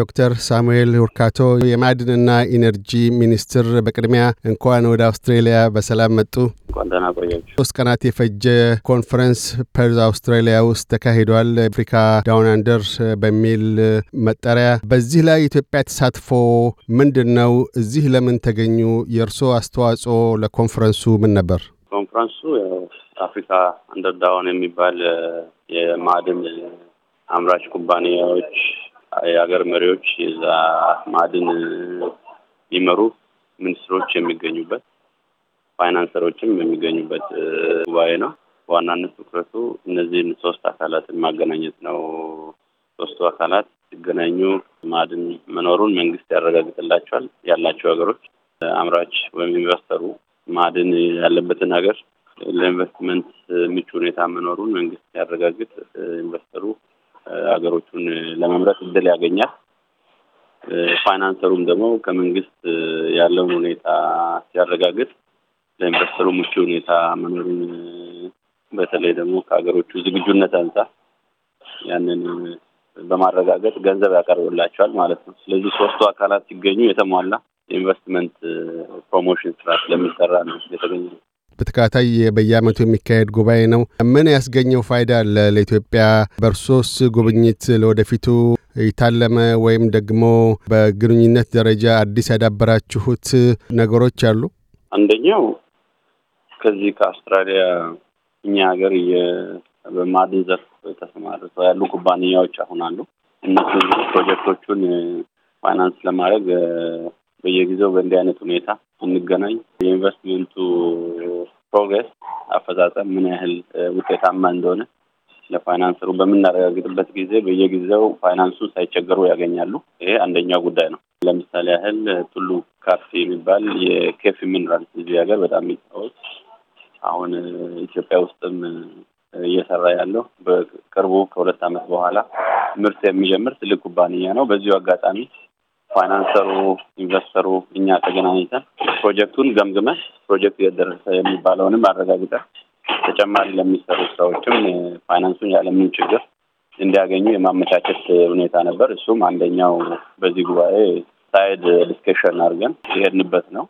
ዶክተር ሳሙኤል ሁርካቶ የማዕድንና ኢነርጂ ሚኒስትር፣ በቅድሚያ እንኳን ወደ አውስትሬሊያ በሰላም መጡ። እንኳን ደህና ቆያችሁ። ሶስት ቀናት የፈጀ ኮንፈረንስ ፐርዝ አውስትራሊያ ውስጥ ተካሂዷል። አፍሪካ ዳውን አንደር በሚል መጠሪያ። በዚህ ላይ ኢትዮጵያ ተሳትፎ ምንድን ነው? እዚህ ለምን ተገኙ? የእርስዎ አስተዋጽኦ ለኮንፈረንሱ ምን ነበር? ኮንፈረንሱ አፍሪካ አንደር ዳውን የሚባል የማዕድን አምራች ኩባንያዎች የሀገር መሪዎች የዛ ማዕድን የሚመሩ ሚኒስትሮች የሚገኙበት ፋይናንሰሮችም የሚገኙበት ጉባኤ ነው። በዋናነት ትኩረቱ እነዚህን ሶስት አካላትን ማገናኘት ነው። ሶስቱ አካላት ሲገናኙ ማዕድን መኖሩን መንግስት ያረጋግጥላቸዋል። ያላቸው ሀገሮች አምራች ወይም ኢንቨስተሩ ማዕድን ያለበትን ሀገር ለኢንቨስትመንት ምቹ ሁኔታ መኖሩን መንግስት ያረጋግጥ ኢንቨስተሩ ሀገሮቹን ለመምረጥ እድል ያገኛል። ፋይናንሰሩም ደግሞ ከመንግስት ያለውን ሁኔታ ሲያረጋግጥ ለኢንቨስተሩ ምቹ ሁኔታ መኖሩን በተለይ ደግሞ ከሀገሮቹ ዝግጁነት አንጻር ያንን በማረጋገጥ ገንዘብ ያቀርብላቸዋል ማለት ነው። ስለዚህ ሶስቱ አካላት ሲገኙ የተሟላ የኢንቨስትመንት ፕሮሞሽን ስራ ስለሚሰራ ነው የተገኘ ነው። በተከታታይ በየአመቱ የሚካሄድ ጉባኤ ነው። ምን ያስገኘው ፋይዳ አለ ለኢትዮጵያ? በእርሶስ ጉብኝት ለወደፊቱ የታለመ ወይም ደግሞ በግንኙነት ደረጃ አዲስ ያዳበራችሁት ነገሮች አሉ? አንደኛው ከዚህ ከአውስትራሊያ እኛ ሀገር በማዕድን ዘርፍ ተሰማርተው ያሉ ኩባንያዎች አሁን አሉ። እነሱ ፕሮጀክቶቹን ፋይናንስ ለማድረግ በየጊዜው በእንዲህ አይነት ሁኔታ እንገናኝ። የኢንቨስትመንቱ ፕሮግረስ አፈጻጸም ምን ያህል ውጤታማ እንደሆነ ለፋይናንሰሩ በምናረጋግጥበት ጊዜ በየጊዜው ፋይናንሱን ሳይቸገሩ ያገኛሉ። ይሄ አንደኛው ጉዳይ ነው። ለምሳሌ ያህል ቱሉ ካፌ የሚባል የኬፍ ሚኒራል እዚህ ሀገር በጣም የሚታወቅ አሁን ኢትዮጵያ ውስጥም እየሰራ ያለው በቅርቡ ከሁለት ዓመት በኋላ ምርት የሚጀምር ትልቅ ኩባንያ ነው። በዚሁ አጋጣሚ ፋይናንሰሩ፣ ኢንቨስተሩ እኛ ተገናኝተን ፕሮጀክቱን ገምግመን ፕሮጀክቱ የደረሰ የሚባለውንም አረጋግጠን ተጨማሪ ለሚሰሩ ስራዎችም ፋይናንሱን ያለምን ችግር እንዲያገኙ የማመቻቸት ሁኔታ ነበር። እሱም አንደኛው በዚህ ጉባኤ ሳይድ ዲስከሽን አድርገን የሄድንበት ነው።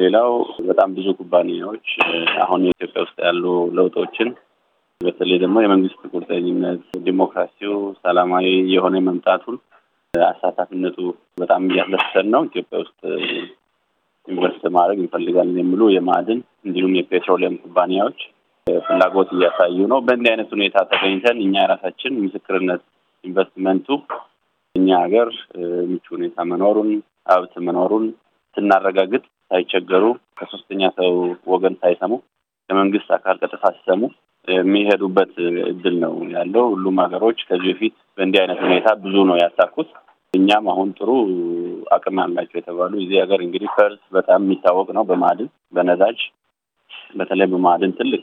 ሌላው በጣም ብዙ ኩባንያዎች አሁን የኢትዮጵያ ውስጥ ያሉ ለውጦችን በተለይ ደግሞ የመንግስት ቁርጠኝነት፣ ዲሞክራሲው ሰላማዊ የሆነ መምጣቱን አሳታፊነቱ በጣም እያስደሰተን ነው። ኢትዮጵያ ውስጥ ኢንቨስት ማድረግ እንፈልጋለን የሚሉ የማዕድን እንዲሁም የፔትሮሊየም ኩባንያዎች ፍላጎት እያሳዩ ነው። በእንዲህ አይነት ሁኔታ ተገኝተን እኛ የራሳችን ምስክርነት ኢንቨስትመንቱ እኛ ሀገር ምቹ ሁኔታ መኖሩን ሀብት መኖሩን ስናረጋግጥ ሳይቸገሩ ከሶስተኛ ሰው ወገን ሳይሰሙ ከመንግስት አካል ቀጥታ ሲሰሙ የሚሄዱበት እድል ነው ያለው። ሁሉም ሀገሮች ከዚህ በፊት በእንዲህ አይነት ሁኔታ ብዙ ነው ያሳኩት። እኛም አሁን ጥሩ አቅም አላቸው የተባሉ እዚህ ሀገር እንግዲህ ፐርዝ በጣም የሚታወቅ ነው በማዕድን በነዳጅ በተለይ በማዕድን ትልቅ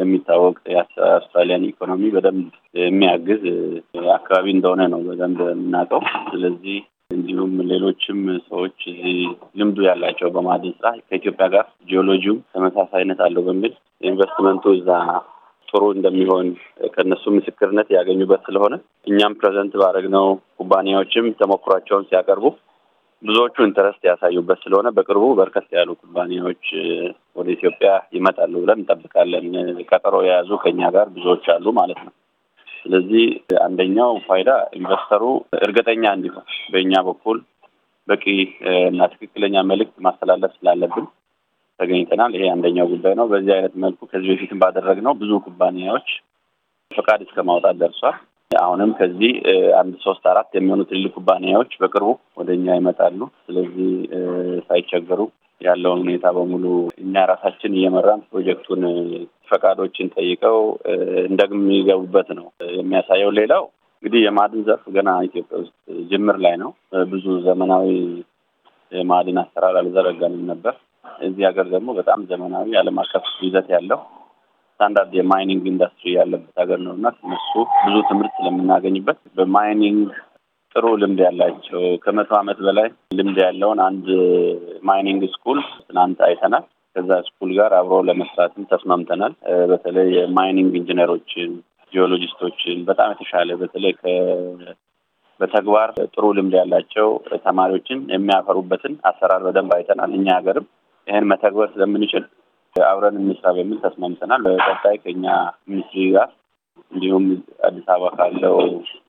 የሚታወቅ የአውስትራሊያን ኢኮኖሚ በደንብ የሚያግዝ አካባቢ እንደሆነ ነው በደንብ የምናውቀው። ስለዚህ እንዲሁም ሌሎችም ሰዎች እዚህ ልምዱ ያላቸው በማዕድን ስራ ከኢትዮጵያ ጋር ጂኦሎጂውም ተመሳሳይነት አለው በሚል ኢንቨስትመንቱ እዛ ጥሩ እንደሚሆን ከእነሱ ምስክርነት ያገኙበት ስለሆነ እኛም ፕሬዘንት ነው ኩባንያዎችም ተሞክሯቸውን ሲያቀርቡ ብዙዎቹ ኢንተረስት ያሳዩበት ስለሆነ በቅርቡ በርከት ያሉ ኩባንያዎች ወደ ኢትዮጵያ ይመጣሉ ብለን እንጠብቃለን። ቀጠሮ የያዙ ከኛ ጋር ብዙዎች አሉ ማለት ነው። ስለዚህ አንደኛው ፋይዳ ኢንቨስተሩ እርግጠኛ እንዲሆን በእኛ በኩል በቂ እና ትክክለኛ መልእክት ማስተላለፍ ስላለብን ተገኝተናል። ይሄ አንደኛው ጉዳይ ነው። በዚህ አይነት መልኩ ከዚህ በፊትም ባደረግነው ብዙ ኩባንያዎች ፈቃድ እስከ ማውጣት ደርሷል። አሁንም ከዚህ አንድ ሶስት አራት የሚሆኑ ትልልቅ ኩባንያዎች በቅርቡ ወደ እኛ ይመጣሉ። ስለዚህ ሳይቸገሩ ያለውን ሁኔታ በሙሉ እኛ ራሳችን እየመራን ፕሮጀክቱን ፈቃዶችን ጠይቀው እንደሚገቡበት ነው የሚያሳየው። ሌላው እንግዲህ የማዕድን ዘርፍ ገና ኢትዮጵያ ውስጥ ጅምር ላይ ነው። ብዙ ዘመናዊ የማዕድን አሰራር አልዘረጋንም ነበር። እዚህ ሀገር ደግሞ በጣም ዘመናዊ ዓለም አቀፍ ይዘት ያለው ስታንዳርድ የማይኒንግ ኢንዱስትሪ ያለበት ሀገር ነው እና እነሱ ብዙ ትምህርት ስለምናገኝበት በማይኒንግ ጥሩ ልምድ ያላቸው ከመቶ ዓመት በላይ ልምድ ያለውን አንድ ማይኒንግ ስኩል ትናንት አይተናል። ከዛ ስኩል ጋር አብሮ ለመስራትም ተስማምተናል። በተለይ የማይኒንግ ኢንጂነሮችን፣ ጂኦሎጂስቶችን በጣም የተሻለ በተለይ በተግባር ጥሩ ልምድ ያላቸው ተማሪዎችን የሚያፈሩበትን አሰራር በደንብ አይተናል። እኛ ሀገርም ይህን መተግበር ስለምንችል አብረን እንስራ በሚል ተስማምተናል። በቀጣይ ከኛ ሚኒስትሪ ጋር እንዲሁም አዲስ አበባ ካለው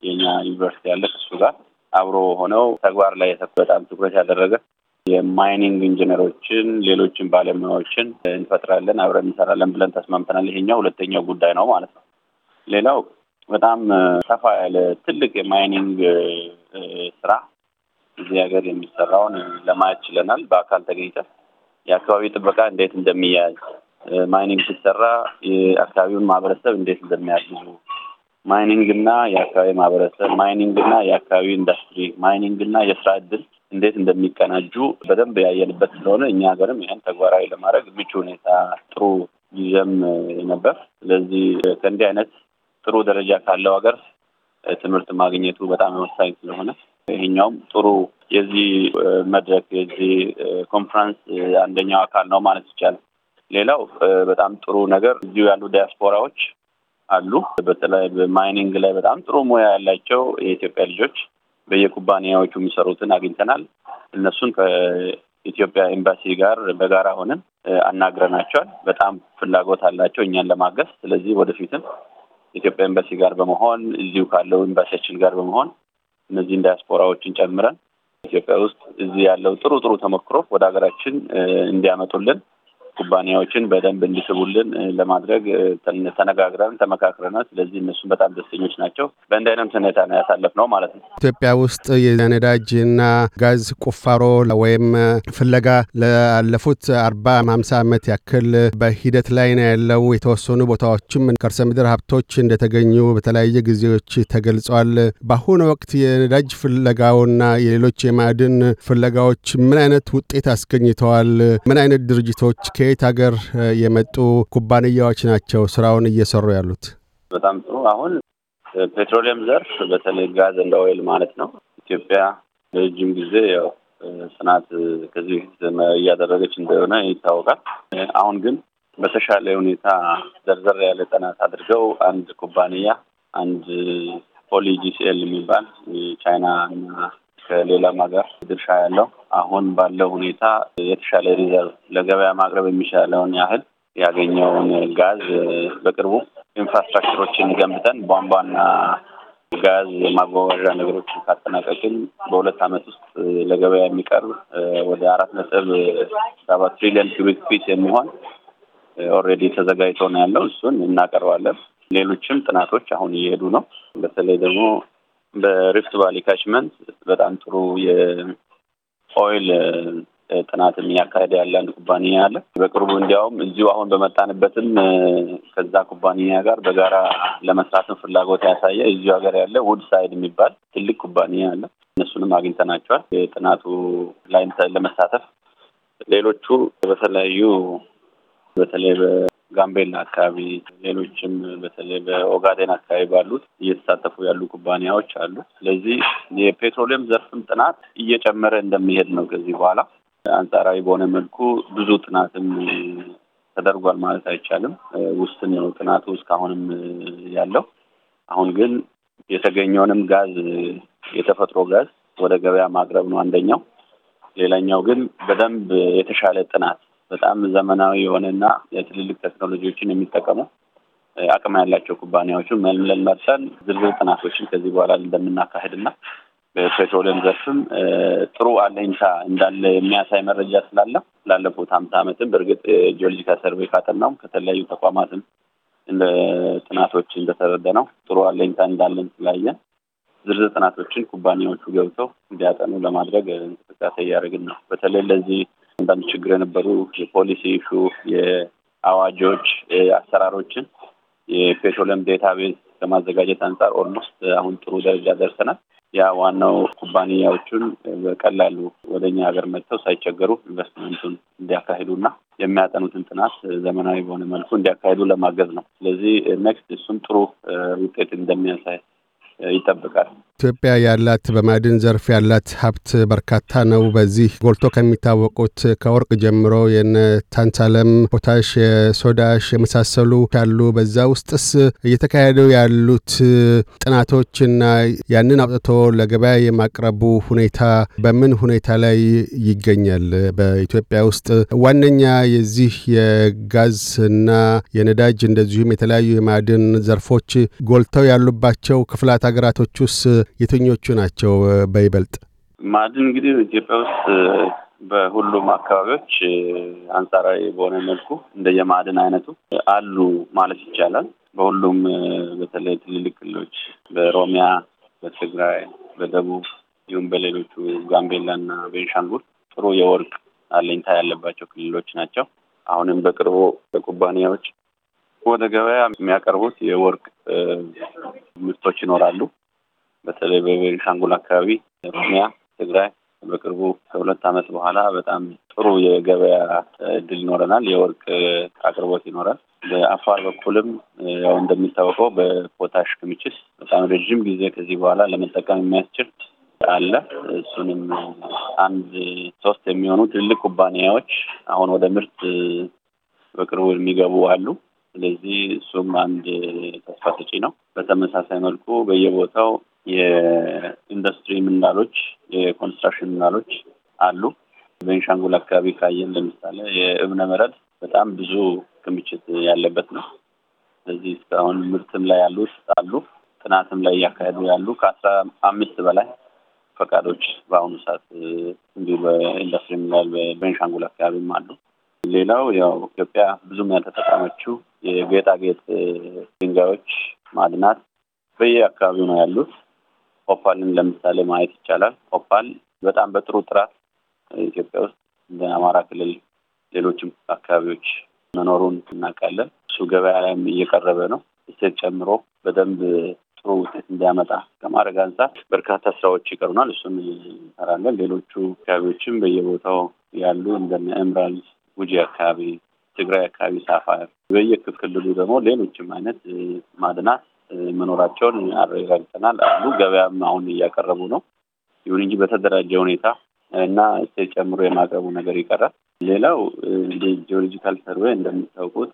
የኛ ዩኒቨርሲቲ ያለ ከሱ ጋር አብሮ ሆነው ተግባር ላይ በጣም ትኩረት ያደረገ የማይኒንግ ኢንጂነሮችን፣ ሌሎችን ባለሙያዎችን እንፈጥራለን፣ አብረን እንሰራለን ብለን ተስማምተናል። ይሄኛው ሁለተኛው ጉዳይ ነው ማለት ነው። ሌላው በጣም ሰፋ ያለ ትልቅ የማይኒንግ ስራ እዚህ ሀገር የሚሰራውን ለማየት ችለናል በአካል ተገኝተን የአካባቢ ጥበቃ እንዴት እንደሚያዝ ማይኒንግ ሲሰራ የአካባቢውን ማህበረሰብ እንዴት እንደሚያግዙ፣ ማይኒንግ እና የአካባቢ ማህበረሰብ፣ ማይኒንግ እና የአካባቢ ኢንዱስትሪ፣ ማይኒንግ እና የስራ እድል እንዴት እንደሚቀናጁ በደንብ ያየንበት ስለሆነ እኛ ሀገርም ይህን ተግባራዊ ለማድረግ ምቹ ሁኔታ ጥሩ ጊዜም ነበር። ስለዚህ ከእንዲህ አይነት ጥሩ ደረጃ ካለው ሀገር ትምህርት ማግኘቱ በጣም ወሳኝ ስለሆነ ይሄኛውም ጥሩ የዚህ መድረክ የዚህ ኮንፈረንስ አንደኛው አካል ነው ማለት ይቻላል። ሌላው በጣም ጥሩ ነገር እዚሁ ያሉ ዲያስፖራዎች አሉ። በተለይ በማይኒንግ ላይ በጣም ጥሩ ሙያ ያላቸው የኢትዮጵያ ልጆች በየኩባንያዎቹ የሚሰሩትን አግኝተናል። እነሱን ከኢትዮጵያ ኤምባሲ ጋር በጋራ ሆነን አናግረናቸዋል። በጣም ፍላጎት አላቸው እኛን ለማገዝ። ስለዚህ ወደፊትም ኢትዮጵያ ኤምባሲ ጋር በመሆን እዚሁ ካለው ኤምባሲያችን ጋር በመሆን እነዚህን ዲያስፖራዎችን ጨምረን ኢትዮጵያ ውስጥ እዚህ ያለው ጥሩ ጥሩ ተሞክሮ ወደ ሀገራችን እንዲያመጡልን ኩባንያዎችን በደንብ እንዲስቡልን ለማድረግ ተነጋግረን ተመካክረናል። ስለዚህ እነሱም በጣም ደስተኞች ናቸው። በእንደ አይነት ሁኔታ ነው ማለት ነው። ኢትዮጵያ ውስጥ የነዳጅ እና ጋዝ ቁፋሮ ወይም ፍለጋ ላለፉት አርባ ሀምሳ ዓመት ያክል በሂደት ላይ ነው ያለው። የተወሰኑ ቦታዎችም ከርሰ ምድር ሀብቶች እንደተገኙ በተለያየ ጊዜዎች ተገልጿል። በአሁኑ ወቅት የነዳጅ ፍለጋውና የሌሎች የማዕድን ፍለጋዎች ምን አይነት ውጤት አስገኝተዋል? ምን አይነት ድርጅቶች ከየት ሀገር የመጡ ኩባንያዎች ናቸው ስራውን እየሰሩ ያሉት? በጣም ጥሩ። አሁን ፔትሮሊየም ዘርፍ በተለይ ጋዝ እንደ ኦይል ማለት ነው ኢትዮጵያ ለረጅም ጊዜ ያው ጥናት ከዚህ በፊት እያደረገች እንደሆነ ይታወቃል። አሁን ግን በተሻለ ሁኔታ ዘርዘር ያለ ጥናት አድርገው አንድ ኩባንያ አንድ ፖሊጂሲኤል የሚባል ቻይና እና ከሌላም ሀገር ድርሻ ያለው አሁን ባለው ሁኔታ የተሻለ ሪዘርቭ ለገበያ ማቅረብ የሚሻለውን ያህል ያገኘውን ጋዝ በቅርቡ ኢንፍራስትራክቸሮችን ገንብተን ቧንቧና ጋዝ የማጓጓዣ ነገሮችን ካጠናቀቅን በሁለት ዓመት ውስጥ ለገበያ የሚቀርብ ወደ አራት ነጥብ ሰባት ትሪሊዮን ኪቢክ ፊት የሚሆን ኦልሬዲ ተዘጋጅቶ ነው ያለው። እሱን እናቀርባለን። ሌሎችም ጥናቶች አሁን እየሄዱ ነው። በተለይ ደግሞ በሪፍት ቫሊ ካችመንት በጣም ጥሩ የኦይል ጥናትም እያካሄደ ያለ አንድ ኩባንያ አለ። በቅርቡ እንዲያውም እዚሁ አሁን በመጣንበትም ከዛ ኩባንያ ጋር በጋራ ለመስራትም ፍላጎት ያሳየ እዚሁ ሀገር ያለ ውድ ሳይድ የሚባል ትልቅ ኩባንያ አለ። እነሱንም አግኝተናቸዋል። የጥናቱ ላይ ለመሳተፍ ሌሎቹ በተለያዩ በተለይ ጋምቤላ አካባቢ፣ ሌሎችም በተለይ በኦጋዴን አካባቢ ባሉት እየተሳተፉ ያሉ ኩባንያዎች አሉ። ስለዚህ የፔትሮሊየም ዘርፍም ጥናት እየጨመረ እንደሚሄድ ነው። ከዚህ በኋላ አንጻራዊ በሆነ መልኩ ብዙ ጥናትም ተደርጓል ማለት አይቻልም። ውስን ነው ጥናቱ እስካሁንም ያለው። አሁን ግን የተገኘውንም ጋዝ የተፈጥሮ ጋዝ ወደ ገበያ ማቅረብ ነው አንደኛው። ሌላኛው ግን በደንብ የተሻለ ጥናት በጣም ዘመናዊ የሆነና የትልልቅ ቴክኖሎጂዎችን የሚጠቀሙ አቅም ያላቸው ኩባንያዎቹ መልምለን መርሰን ዝርዝር ጥናቶችን ከዚህ በኋላ እንደምናካሄድና በፔትሮሊየም ዘርፍም ጥሩ አለኝታ እንዳለ የሚያሳይ መረጃ ስላለ ላለፉት ሀምሳ ዓመትም በእርግጥ ጂኦሎጂካል ሰርቬይ ካጠናውም ከተለያዩ ተቋማትም ጥናቶች እንደተረደ ነው ጥሩ አለኝታ እንዳለን ስላየን ዝርዝር ጥናቶችን ኩባንያዎቹ ገብተው እንዲያጠኑ ለማድረግ እንቅስቃሴ እያደረግን ነው። በተለይ ለዚህ አንዳንድ ችግር የነበሩ የፖሊሲ ኢሹ፣ የአዋጆች አሰራሮችን የፔትሮለም ዴታቤዝ ከማዘጋጀት አንጻር ኦልሞስት አሁን ጥሩ ደረጃ ደርሰናል። ያ ዋናው ኩባንያዎቹን በቀላሉ ወደ እኛ ሀገር መጥተው ሳይቸገሩ ኢንቨስትመንቱን እንዲያካሂዱና የሚያጠኑትን ጥናት ዘመናዊ በሆነ መልኩ እንዲያካሂዱ ለማገዝ ነው። ስለዚህ ኔክስት እሱም ጥሩ ውጤት እንደሚያሳይ ይጠብቃል። ኢትዮጵያ ያላት በማዕድን ዘርፍ ያላት ሀብት በርካታ ነው። በዚህ ጎልቶ ከሚታወቁት ከወርቅ ጀምሮ የነ ታንታለም፣ ፖታሽ፣ የሶዳሽ የመሳሰሉ አሉ። በዛ ውስጥስ እየተካሄዱ ያሉት ጥናቶችና ያንን አውጥቶ ለገበያ የማቅረቡ ሁኔታ በምን ሁኔታ ላይ ይገኛል? በኢትዮጵያ ውስጥ ዋነኛ የዚህ የጋዝ እና የነዳጅ እንደዚሁም የተለያዩ የማዕድን ዘርፎች ጎልተው ያሉባቸው ክፍላት ሀገራቶች ውስጥ የትኞቹ ናቸው በይበልጥ? ማዕድን እንግዲህ ኢትዮጵያ ውስጥ በሁሉም አካባቢዎች አንጻራዊ በሆነ መልኩ እንደ የማዕድን አይነቱ አሉ ማለት ይቻላል። በሁሉም በተለይ ትልልቅ ክልሎች በኦሮሚያ፣ በትግራይ፣ በደቡብ እንዲሁም በሌሎቹ ጋምቤላ እና ቤንሻንጉል ጥሩ የወርቅ አለኝታ ያለባቸው ክልሎች ናቸው። አሁንም በቅርቡ በኩባንያዎች ወደ ገበያ የሚያቀርቡት የወርቅ ምርቶች ይኖራሉ። በተለይ በቤኒሻንጉል አካባቢ፣ ኦሮሚያ፣ ትግራይ በቅርቡ ከሁለት ዓመት በኋላ በጣም ጥሩ የገበያ እድል ይኖረናል። የወርቅ አቅርቦት ይኖራል። በአፋር በኩልም ያው እንደሚታወቀው በፖታሽ ክምችት በጣም ረዥም ጊዜ ከዚህ በኋላ ለመጠቀም የሚያስችል አለ። እሱንም አንድ ሶስት የሚሆኑ ትልልቅ ኩባንያዎች አሁን ወደ ምርት በቅርቡ የሚገቡ አሉ። ስለዚህ እሱም አንድ ተስፋ ሰጪ ነው። በተመሳሳይ መልኩ በየቦታው የኢንዱስትሪ ምናሎች፣ የኮንስትራክሽን ምናሎች አሉ። ቤንሻንጉል አካባቢ ካየን ለምሳሌ የእብነ በረድ በጣም ብዙ ክምችት ያለበት ነው። ስለዚህ እስካሁን ምርትም ላይ ውስጥ አሉ፣ ጥናትም ላይ እያካሄዱ ያሉ ከአስራ አምስት በላይ ፈቃዶች በአሁኑ ሰዓት እንዲሁ በኢንዱስትሪ ምናል በቤንሻንጉል አካባቢም አሉ። ሌላው ያው ኢትዮጵያ ብዙም ያልተጠቀመችው የጌጣጌጥ ድንጋዮች ማድናት በየአካባቢው ነው ያሉት። ኦፓልን ለምሳሌ ማየት ይቻላል። ኦፓል በጣም በጥሩ ጥራት ኢትዮጵያ ውስጥ እንደ አማራ ክልል፣ ሌሎችም አካባቢዎች መኖሩን እናውቃለን። እሱ ገበያ ላይም እየቀረበ ነው። እሴት ጨምሮ በደንብ ጥሩ ውጤት እንዲያመጣ ከማድረግ አንጻር በርካታ ስራዎች ይቀሩናል። እሱን እንሰራለን። ሌሎቹ አካባቢዎችም በየቦታው ያሉ እንደ እምራል ጉጂ አካባቢ፣ ትግራይ አካባቢ ሳፋር፣ በየክፍክልሉ ደግሞ ሌሎችም አይነት ማድናት መኖራቸውን አረጋግጠናል አሉ። ገበያም አሁን እያቀረቡ ነው። ይሁን እንጂ በተደራጀ ሁኔታ እና እሴት ጨምሮ የማቅረቡ ነገር ይቀራል። ሌላው ጂኦሎጂካል ሰርዌ እንደምታውቁት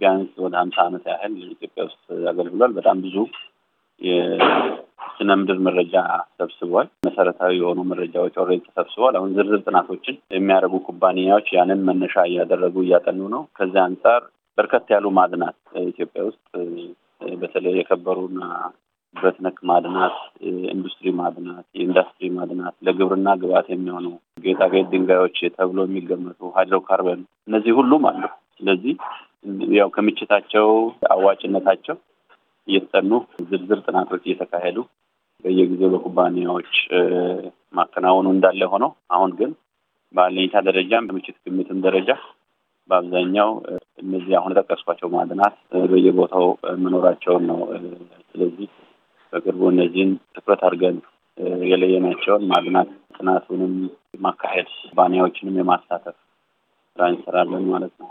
ቢያንስ ወደ ሀምሳ ዓመት ያህል ኢትዮጵያ ውስጥ አገልግሏል። በጣም ብዙ የስነ ምድር መረጃ ሰብስቧል። መሰረታዊ የሆኑ መረጃዎች ኦልሬዲ ተሰብስቧል። አሁን ዝርዝር ጥናቶችን የሚያደርጉ ኩባንያዎች ያንን መነሻ እያደረጉ እያጠኑ ነው። ከዚያ አንጻር በርከት ያሉ ማዕድናት ኢትዮጵያ ውስጥ በተለይ የከበሩና ብረት ነክ ማድናት ኢንዱስትሪ ማድናት፣ የኢንዱስትሪ ማድናት፣ ለግብርና ግብዓት የሚሆኑ ጌጣጌጥ ድንጋዮች ተብሎ የሚገመቱ ሃይድሮካርበን፣ እነዚህ ሁሉም አሉ። ስለዚህ ያው ከምችታቸው አዋጭነታቸው እየተጠኑ ዝርዝር ጥናቶች እየተካሄዱ በየጊዜው በኩባንያዎች ማከናወኑ እንዳለ ሆነው አሁን ግን በአለኝታ ደረጃም በምችት ግምትም ደረጃ በአብዛኛው እነዚህ አሁን የጠቀስኳቸው ማዕድናት በየቦታው መኖራቸውን ነው። ስለዚህ በቅርቡ እነዚህን ትኩረት አድርገን የለየናቸውን ማዕድናት ጥናቱንም ማካሄድ ባንያዎችንም የማሳተፍ ስራ እንሰራለን ማለት ነው።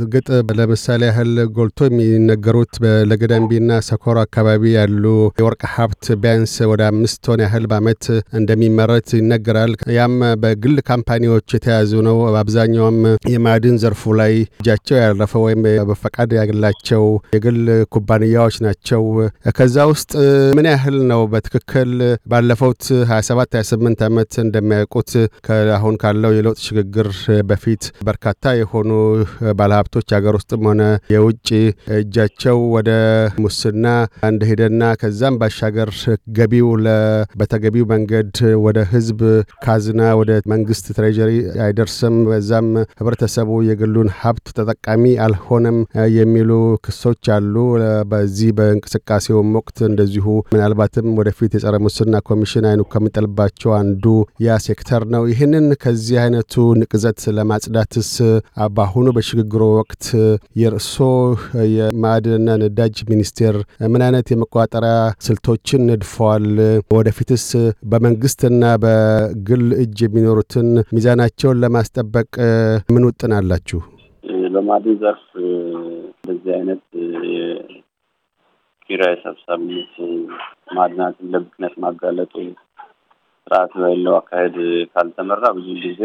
እርግጥ ለምሳሌ ያህል ጎልቶ የሚነገሩት በለገዳምቢና ሰኮሮ አካባቢ ያሉ የወርቅ ሀብት ቢያንስ ወደ አምስት ቶን ያህል በአመት እንደሚመረት ይነገራል። ያም በግል ካምፓኒዎች የተያዙ ነው። በአብዛኛውም የማዕድን ዘርፉ ላይ እጃቸው ያረፈ ወይም በፈቃድ ያላቸው የግል ኩባንያዎች ናቸው። ከዛ ውስጥ ምን ያህል ነው በትክክል ባለፉት 27 28 ዓመት እንደሚያውቁት አሁን ካለው የለውጥ ሽግግር በፊት በርካታ የሆኑ ባለሀብት መብቶች ሀገር ውስጥም ሆነ የውጭ እጃቸው ወደ ሙስና እንደሄደና ከዛም ባሻገር ገቢው በተገቢው መንገድ ወደ ህዝብ ካዝና ወደ መንግስት ትሬጀሪ አይደርስም፣ በዛም ህብረተሰቡ የግሉን ሀብት ተጠቃሚ አልሆነም የሚሉ ክሶች አሉ። በዚህ በእንቅስቃሴውም ወቅት እንደዚሁ ምናልባትም ወደፊት የጸረ ሙስና ኮሚሽን አይኑ ከሚጠልባቸው አንዱ ያ ሴክተር ነው። ይህንን ከዚህ አይነቱ ንቅዘት ለማጽዳትስ በአሁኑ በሽግግሩ ወቅት የእርሶ የማዕድንና ነዳጅ ሚኒስቴር ምን አይነት የመቆጣጠሪያ ስልቶችን ነድፈዋል? ወደፊትስ በመንግስትና በግል እጅ የሚኖሩትን ሚዛናቸውን ለማስጠበቅ ምን ውጥን አላችሁ? በማዕድን ዘርፍ እንደዚህ አይነት የኪራይ ሰብሳቢነት ማዕድናትን ለብክነት ማጋለጡ ስርዓት ባለው አካሄድ ካልተመራ ብዙ ጊዜ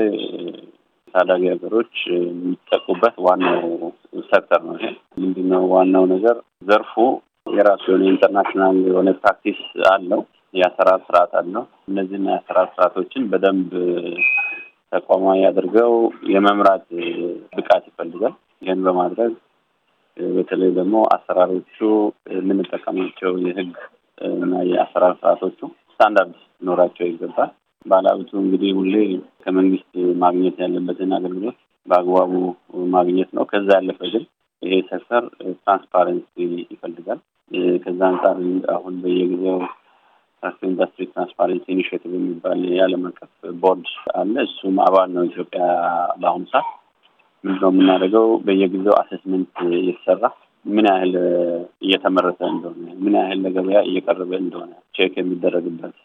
ታዳጊ ሀገሮች የሚጠቁበት ዋናው ሰክተር ነው። ምንድነው ዋናው ነገር ዘርፉ የራሱ የሆነ ኢንተርናሽናል የሆነ ፕራክቲስ አለው፣ የአሰራር ስርዓት አለው። እነዚህን የአሰራር ስርዓቶችን በደንብ ተቋማዊ አድርገው የመምራት ብቃት ይፈልጋል። ይህን በማድረግ በተለይ ደግሞ አሰራሮቹ የምንጠቀማቸው የህግ እና የአሰራር ስርዓቶቹ ስታንዳርድ ኖራቸው ይገባል። ባለሀብቱ እንግዲህ ሁሌ ከመንግስት ማግኘት ያለበትን አገልግሎት በአግባቡ ማግኘት ነው። ከዛ ያለፈ ግን ይሄ ሰክተር ትራንስፓረንሲ ይፈልጋል። ከዛ አንጻር አሁን በየጊዜው ሰፊ ኢንዱስትሪ ትራንስፓረንሲ ኢኒሽቲቭ የሚባል የዓለም አቀፍ ቦርድ አለ። እሱም አባል ነው ኢትዮጵያ። በአሁኑ ሰዓት ምንድነው ነው የምናደርገው? በየጊዜው አሴስመንት እየተሰራ ምን ያህል እየተመረተ እንደሆነ፣ ምን ያህል ለገበያ እየቀረበ እንደሆነ ቼክ የሚደረግበት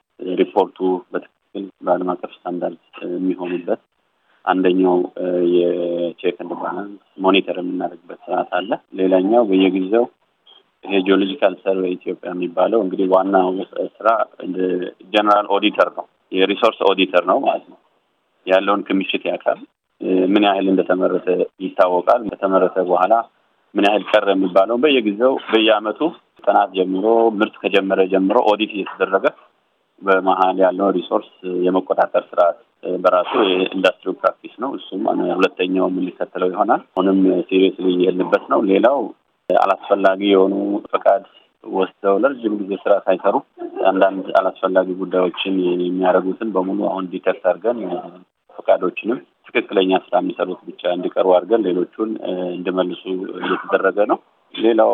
ሪፖርቱ በትክ ትክክል በዓለም አቀፍ ስታንዳርድ የሚሆኑበት አንደኛው የቼክ ኤንድ ባላንስ ሞኒተር የምናደርግበት ስርዓት አለ። ሌላኛው በየጊዜው ይሄ ጂኦሎጂካል ሰርቬይ ኢትዮጵያ የሚባለው እንግዲህ ዋናው ስራ ጀነራል ኦዲተር ነው፣ የሪሶርስ ኦዲተር ነው ማለት ነው። ያለውን ክምችት ያካል ምን ያህል እንደተመረተ ይታወቃል። ከተመረተ በኋላ ምን ያህል ቀረ የሚባለው በየጊዜው በየአመቱ ጥናት ጀምሮ ምርት ከጀመረ ጀምሮ ኦዲት እየተደረገ በመሀል ያለው ሪሶርስ የመቆጣጠር ስርዓት በራሱ የኢንዱስትሪ ፕራክቲስ ነው። እሱም ሁለተኛውም የሚከተለው ይሆናል። አሁንም ሲሪየስሊ እየሄድንበት ነው። ሌላው አላስፈላጊ የሆኑ ፈቃድ ወስደው ለረጅም ጊዜ ስራ ሳይሰሩ አንዳንድ አላስፈላጊ ጉዳዮችን የሚያደርጉትን በሙሉ አሁን ዲተክት አድርገን ፈቃዶችንም ትክክለኛ ስራ የሚሰሩት ብቻ እንዲቀርቡ አድርገን ሌሎቹን እንዲመልሱ እየተደረገ ነው። ሌላው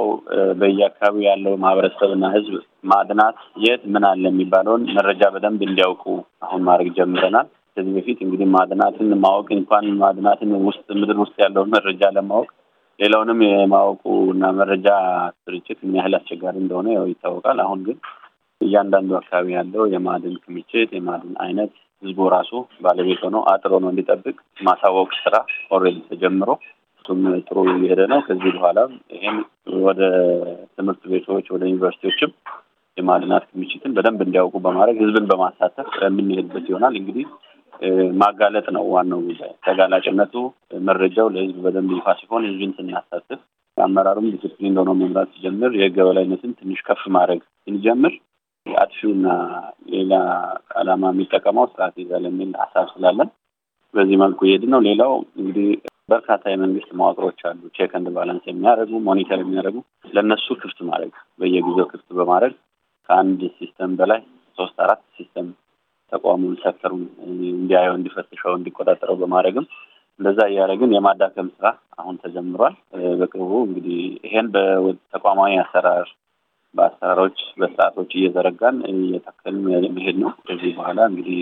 በየአካባቢው ያለው ማህበረሰብና ህዝብ ማድናት የት ምን አለ የሚባለውን መረጃ በደንብ እንዲያውቁ አሁን ማድረግ ጀምረናል። ከዚህ በፊት እንግዲህ ማድናትን ማወቅ እንኳን ማድናትን ውስጥ ምድር ውስጥ ያለውን መረጃ ለማወቅ ሌላውንም የማወቁ እና መረጃ ስርጭት ምን ያህል አስቸጋሪ እንደሆነ ያው ይታወቃል። አሁን ግን እያንዳንዱ አካባቢ ያለው የማዕድን ክምችት፣ የማዕድን አይነት ህዝቡ ራሱ ባለቤት ሆኖ አጥሮ ነው እንዲጠብቅ ማሳወቅ ስራ ኦልሬዲ ተጀምሮ እሱም ጥሩ እየሄደ ነው። ከዚህ በኋላ ይህም ወደ ትምህርት ቤቶች ወደ ዩኒቨርሲቲዎችም የማድናት ክምችትን በደንብ እንዲያውቁ በማድረግ ህዝብን በማሳተፍ የምንሄድበት ይሆናል። እንግዲህ ማጋለጥ ነው ዋናው ጉዳይ። ተጋላጭነቱ መረጃው ለህዝብ በደንብ ይፋ ሲሆን ህዝብን ስናሳትፍ አመራሩም ዲስፕሊን እንደሆነ መምራት ሲጀምር የህግ የበላይነትን ትንሽ ከፍ ማድረግ ስንጀምር አጥፊውና ሌላ አላማ የሚጠቀመው ስርዓት ይዛል የሚል ሀሳብ ስላለን በዚህ መልኩ ይሄድ ነው። ሌላው እንግዲህ በርካታ የመንግስት መዋቅሮች አሉ፣ ቼክ እንድ ባላንስ የሚያደርጉ ሞኒተር የሚያደርጉ ለእነሱ ክፍት ማድረግ በየጊዜው ክፍት በማድረግ ከአንድ ሲስተም በላይ ሶስት አራት ሲስተም ተቋሙን ሰክተሩን እንዲያየው፣ እንዲፈትሸው፣ እንዲቆጣጠረው በማድረግም እንደዛ እያደረግን የማዳከም ስራ አሁን ተጀምሯል። በቅርቡ እንግዲህ ይሄን በተቋማዊ አሰራር በአሰራሮች በስርዓቶች እየዘረጋን እየተከልን መሄድ ነው። ከዚህ በኋላ እንግዲህ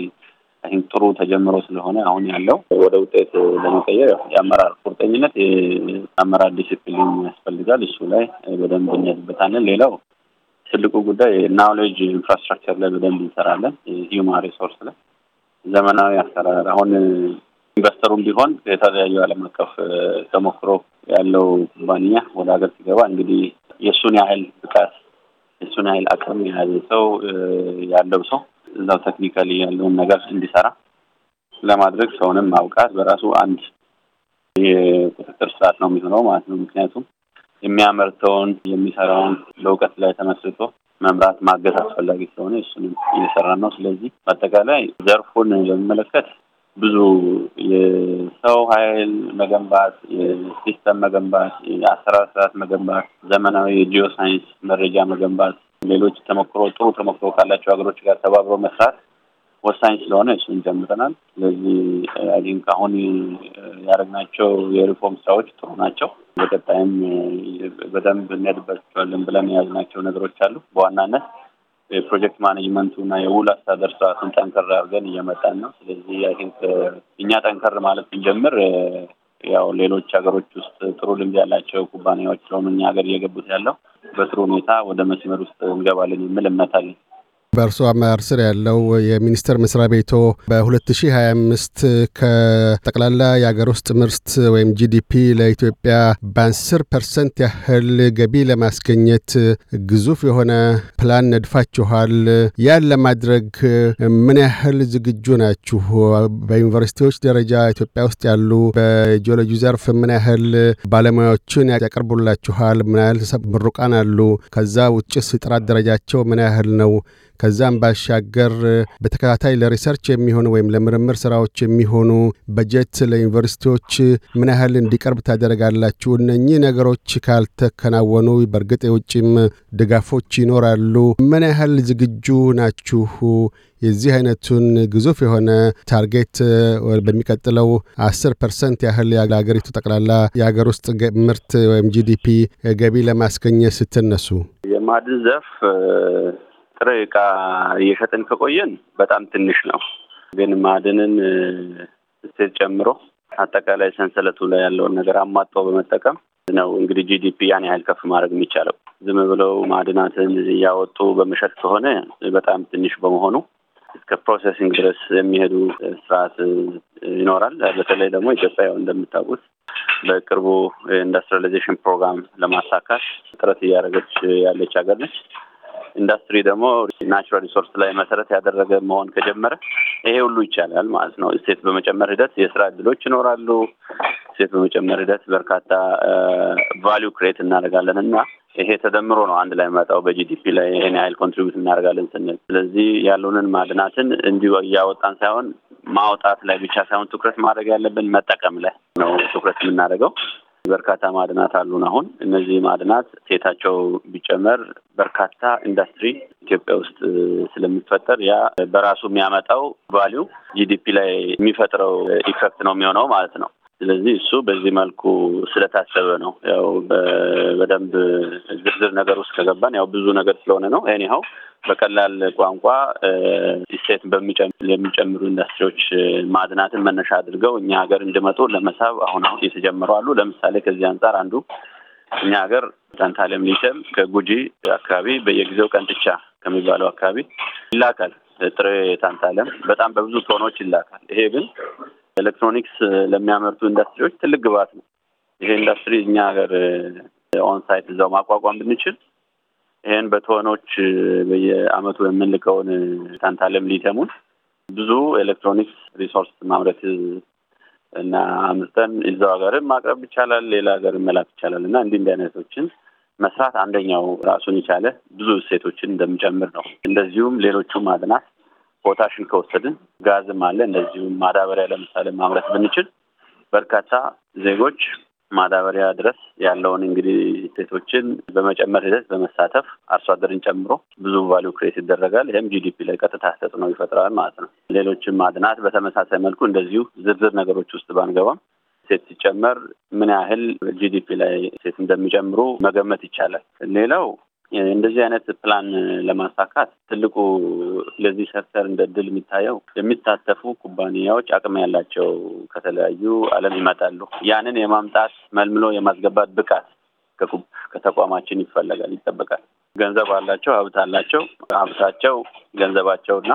አይ ቲንክ ጥሩ ተጀምሮ ስለሆነ አሁን ያለው ወደ ውጤት ለመቀየር የአመራር ቁርጠኝነት፣ የአመራር ዲስፕሊን ያስፈልጋል። እሱ ላይ በደንብ እንሄድበታለን። ሌላው ትልቁ ጉዳይ ናውሌጅ ኢንፍራስትራክቸር ላይ በደንብ እንሰራለን። ሂውማን ሪሶርስ ላይ ዘመናዊ አሰራር አሁን ኢንቨስተሩም ቢሆን የተለያዩ ዓለም አቀፍ ተሞክሮ ያለው ኩባንያ ወደ ሀገር ሲገባ እንግዲህ የእሱን ያህል ብቃት የእሱን ያህል አቅም የያዘ ሰው ያለው ሰው እዛው ቴክኒካሊ ያለውን ነገር እንዲሰራ ለማድረግ ሰውንም ማብቃት በራሱ አንድ የቁጥጥር ስርዓት ነው የሚሆነው ማለት ነው። ምክንያቱም የሚያመርተውን የሚሰራውን ለእውቀት ላይ ተመስርቶ መምራት ማገዝ አስፈላጊ ስለሆነ እሱንም እየሰራ ነው። ስለዚህ በአጠቃላይ ዘርፉን በሚመለከት ብዙ የሰው ኃይል መገንባት፣ የሲስተም መገንባት፣ የአሰራር ስርዓት መገንባት፣ ዘመናዊ የጂኦ ሳይንስ መረጃ መገንባት ሌሎች ተሞክሮ ጥሩ ተሞክሮ ካላቸው ሀገሮች ጋር ተባብሮ መስራት ወሳኝ ስለሆነ እሱን ጀምረናል። ስለዚህ አይ አሁን ያደረግናቸው የሪፎርም ስራዎች ጥሩ ናቸው። በቀጣይም በደንብ እንሄድባቸዋለን ብለን የያዝናቸው ነገሮች አሉ። በዋናነት የፕሮጀክት ማኔጅመንቱ እና የውል አስተዳደር ስርዓቱን ጠንከር አድርገን እየመጣን ነው። ስለዚህ አይ ቲንክ እኛ ጠንከር ማለት ብንጀምር ያው ሌሎች ሀገሮች ውስጥ ጥሩ ልምድ ያላቸው ኩባንያዎች ስለሆኑ እኛ ሀገር እየገቡት ያለው በጥሩ ሁኔታ ወደ መስመር ውስጥ እንገባለን የሚል እምነት አለን። በእርሶ አመራር ስር ያለው የሚኒስቴር መስሪያ ቤቶ በ2025 ከጠቅላላ የሀገር ውስጥ ምርት ወይም ጂዲፒ ለኢትዮጵያ በ 10 ፐርሰንት ያህል ገቢ ለማስገኘት ግዙፍ የሆነ ፕላን ነድፋችኋል። ያን ለማድረግ ምን ያህል ዝግጁ ናችሁ? በዩኒቨርሲቲዎች ደረጃ ኢትዮጵያ ውስጥ ያሉ በጂኦሎጂ ዘርፍ ምን ያህል ባለሙያዎችን ያቀርቡላችኋል? ምን ያህል ምሩቃን አሉ? ከዛ ውጭስ ጥራት ደረጃቸው ምን ያህል ነው? ከዛም ባሻገር በተከታታይ ለሪሰርች የሚሆኑ ወይም ለምርምር ስራዎች የሚሆኑ በጀት ለዩኒቨርሲቲዎች ምን ያህል እንዲቀርብ ታደረጋላችሁ? እነኚህ ነገሮች ካልተከናወኑ በእርግጥ የውጭም ድጋፎች ይኖራሉ። ምን ያህል ዝግጁ ናችሁ? የዚህ አይነቱን ግዙፍ የሆነ ታርጌት በሚቀጥለው አስር ፐርሰንት ያህል ለሀገሪቱ ጠቅላላ የሀገር ውስጥ ምርት ወይም ጂዲፒ ገቢ ለማስገኘት ስትነሱ የማድን ዘርፍ ጥሬ እቃ እየሸጥን ከቆየን በጣም ትንሽ ነው። ግን ማዕድንን እሴት ጨምሮ አጠቃላይ ሰንሰለቱ ላይ ያለውን ነገር አሟጦ በመጠቀም ነው እንግዲህ ጂዲፒ ያን ያህል ከፍ ማድረግ የሚቻለው። ዝም ብለው ማዕድናትን እያወጡ በመሸጥ ከሆነ በጣም ትንሽ በመሆኑ እስከ ፕሮሴሲንግ ድረስ የሚሄዱ ስርዓት ይኖራል። በተለይ ደግሞ ኢትዮጵያ እንደምታውቁት በቅርቡ ኢንዱስትሪላይዜሽን ፕሮግራም ለማሳካት ጥረት እያደረገች ያለች ሀገር ነች። ኢንዱስትሪ ደግሞ ናቹራል ሪሶርስ ላይ መሰረት ያደረገ መሆን ከጀመረ ይሄ ሁሉ ይቻላል ማለት ነው። እሴት በመጨመር ሂደት የስራ እድሎች ይኖራሉ። እሴት በመጨመር ሂደት በርካታ ቫሊዩ ክሬት እናደርጋለን እና ይሄ ተደምሮ ነው አንድ ላይ መጣው በጂዲፒ ላይ ይሄን ያህል ኮንትሪቢዩት እናደርጋለን ስንል፣ ስለዚህ ያለውንን ማዕድናትን እንዲሁ እያወጣን ሳይሆን ማውጣት ላይ ብቻ ሳይሆን ትኩረት ማድረግ ያለብን መጠቀም ላይ ነው ትኩረት የምናደርገው። በርካታ ማዕድናት አሉን። አሁን እነዚህ ማዕድናት ሴታቸው ቢጨመር በርካታ ኢንዱስትሪ ኢትዮጵያ ውስጥ ስለሚፈጠር ያ በራሱ የሚያመጣው ቫሊዩ ጂዲፒ ላይ የሚፈጥረው ኢፌክት ነው የሚሆነው ማለት ነው። ስለዚህ እሱ በዚህ መልኩ ስለታሰበ ነው። ያው በደንብ ዝርዝር ነገር ውስጥ ከገባን ያው ብዙ ነገር ስለሆነ ነው። ኤኒሀው በቀላል ቋንቋ እሴት የሚጨምሩ ኢንዱስትሪዎች ማዝናትን መነሻ አድርገው እኛ ሀገር እንዲመጡ ለመሳብ አሁን አሁን እየተጀመሩ አሉ። ለምሳሌ ከዚህ አንጻር አንዱ እኛ ሀገር ታንታለም ሊተም ከጉጂ አካባቢ በየጊዜው ቀንጥቻ ከሚባለው አካባቢ ይላካል ጥሬ ታንታለም በጣም በብዙ ቶኖች ይላካል። ይሄ ግን ኤሌክትሮኒክስ ለሚያመርቱ ኢንዱስትሪዎች ትልቅ ግብዓት ነው። ይሄ ኢንዱስትሪ እኛ ሀገር ኦንሳይት እዛው ማቋቋም ብንችል ይህን በቶኖች በየአመቱ የምንልከውን ታንታለም ሊተሙን ብዙ ኤሌክትሮኒክስ ሪሶርስ ማምረት እና አምርተን እዛው ሀገርን ማቅረብ ይቻላል፣ ሌላ ሀገር መላክ ይቻላል እና እንዲህ እንዲህ አይነቶችን መስራት አንደኛው ራሱን የቻለ ብዙ እሴቶችን እንደሚጨምር ነው። እንደዚሁም ሌሎቹ ማዕድናት ፖታሽን ከወሰድን ጋዝም አለ። እንደዚሁም ማዳበሪያ ለምሳሌ ማምረት ብንችል በርካታ ዜጎች ማዳበሪያ ድረስ ያለውን እንግዲህ ሴቶችን በመጨመር ሂደት በመሳተፍ አርሶ አደርን ጨምሮ ብዙ ቫሊዩ ክሬት ይደረጋል። ይህም ጂዲፒ ላይ ቀጥታ ተጽዕኖ ይፈጥራል ማለት ነው። ሌሎችም ማድናት በተመሳሳይ መልኩ እንደዚሁ ዝርዝር ነገሮች ውስጥ ባንገባም ሴት ሲጨመር ምን ያህል ጂዲፒ ላይ ሴት እንደሚጨምሩ መገመት ይቻላል። ሌላው እንደዚህ አይነት ፕላን ለማሳካት ትልቁ ለዚህ ሴክተር እንደ ድል የሚታየው የሚሳተፉ ኩባንያዎች አቅም ያላቸው ከተለያዩ ዓለም ይመጣሉ። ያንን የማምጣት መልምሎ የማስገባት ብቃት ከተቋማችን ይፈለጋል፣ ይጠበቃል። ገንዘብ አላቸው፣ ሀብት አላቸው። ሀብታቸው ገንዘባቸውና